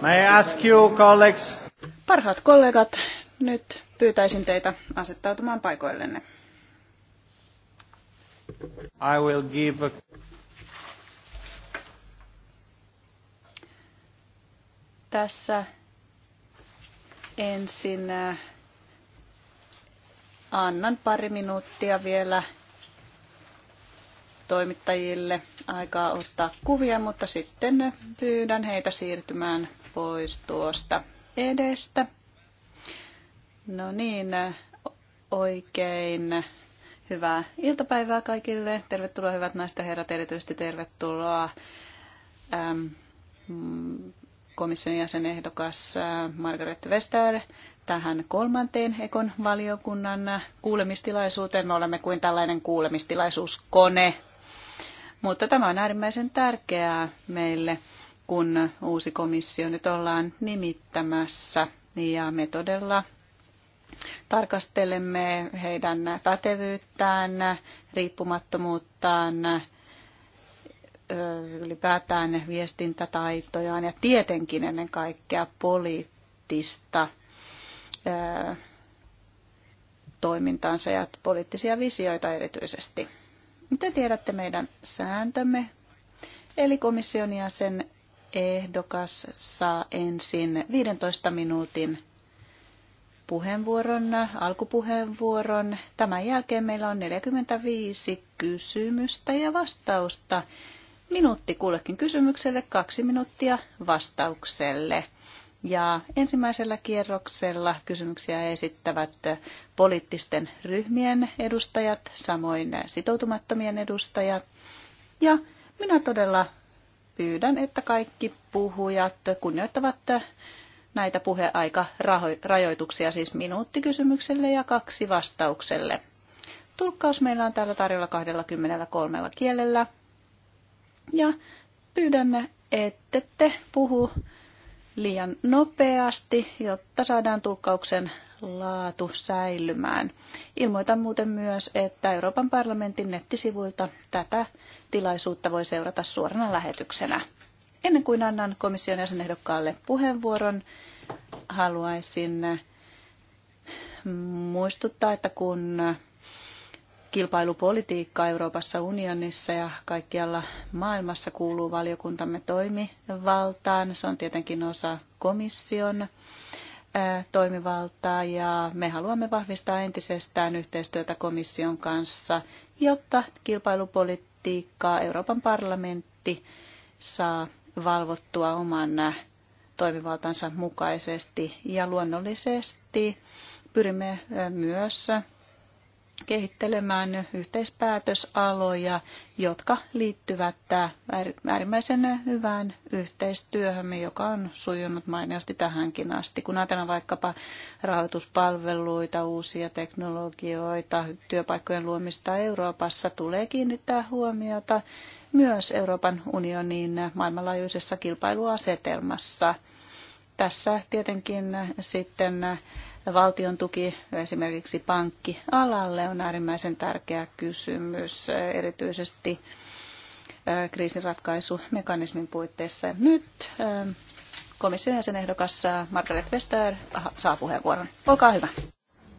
May I ask you, colleagues? Parhaat kollegat, nyt pyytäisin teitä asettautumaan paikoillenne. I will give a... Tässä ensin äh, annan pari minuuttia vielä toimittajille aikaa ottaa kuvia, mutta sitten pyydän heitä siirtymään pois tuosta edestä. No niin, oikein hyvää iltapäivää kaikille. Tervetuloa hyvät naiset ja herrat, erityisesti tervetuloa äm, komission jäsenehdokas äh, Margaret Vestager tähän kolmanteen Ekon valiokunnan kuulemistilaisuuteen. Me olemme kuin tällainen kuulemistilaisuuskone mutta tämä on äärimmäisen tärkeää meille, kun uusi komissio nyt ollaan nimittämässä. Ja me todella tarkastelemme heidän pätevyyttään, riippumattomuuttaan, ylipäätään viestintätaitojaan ja tietenkin ennen kaikkea poliittista toimintaansa ja poliittisia visioita erityisesti. Te tiedätte meidän sääntömme, eli komission jäsen ehdokas saa ensin 15 minuutin puheenvuoron, alkupuheenvuoron. Tämän jälkeen meillä on 45 kysymystä ja vastausta. Minuutti kullekin kysymykselle, kaksi minuuttia vastaukselle. Ja ensimmäisellä kierroksella kysymyksiä esittävät poliittisten ryhmien edustajat, samoin sitoutumattomien edustajat. Ja minä todella pyydän, että kaikki puhujat kunnioittavat näitä puheaikarajoituksia, siis minuutti kysymykselle ja kaksi vastaukselle. Tulkkaus meillä on täällä tarjolla 23 kielellä. Ja pyydän, että te puhu liian nopeasti, jotta saadaan tulkkauksen laatu säilymään. Ilmoitan muuten myös, että Euroopan parlamentin nettisivuilta tätä tilaisuutta voi seurata suorana lähetyksenä. Ennen kuin annan komission jäsenehdokkaalle puheenvuoron, haluaisin muistuttaa, että kun kilpailupolitiikka Euroopassa unionissa ja kaikkialla maailmassa kuuluu valiokuntamme toimivaltaan. Se on tietenkin osa komission toimivaltaa ja me haluamme vahvistaa entisestään yhteistyötä komission kanssa, jotta kilpailupolitiikkaa Euroopan parlamentti saa valvottua oman toimivaltansa mukaisesti ja luonnollisesti pyrimme myös kehittelemään yhteispäätösaloja, jotka liittyvät äärimmäisen hyvään yhteistyöhön, joka on sujunut mainiosti tähänkin asti. Kun ajatellaan vaikkapa rahoituspalveluita, uusia teknologioita, työpaikkojen luomista Euroopassa, tulee kiinnittää huomiota myös Euroopan unionin maailmanlaajuisessa kilpailuasetelmassa. Tässä tietenkin sitten valtion tuki esimerkiksi pankkialalle on äärimmäisen tärkeä kysymys, erityisesti kriisinratkaisumekanismin puitteissa. Nyt komission jäsenehdokas Margaret Vestager saa puheenvuoron. Olkaa hyvä.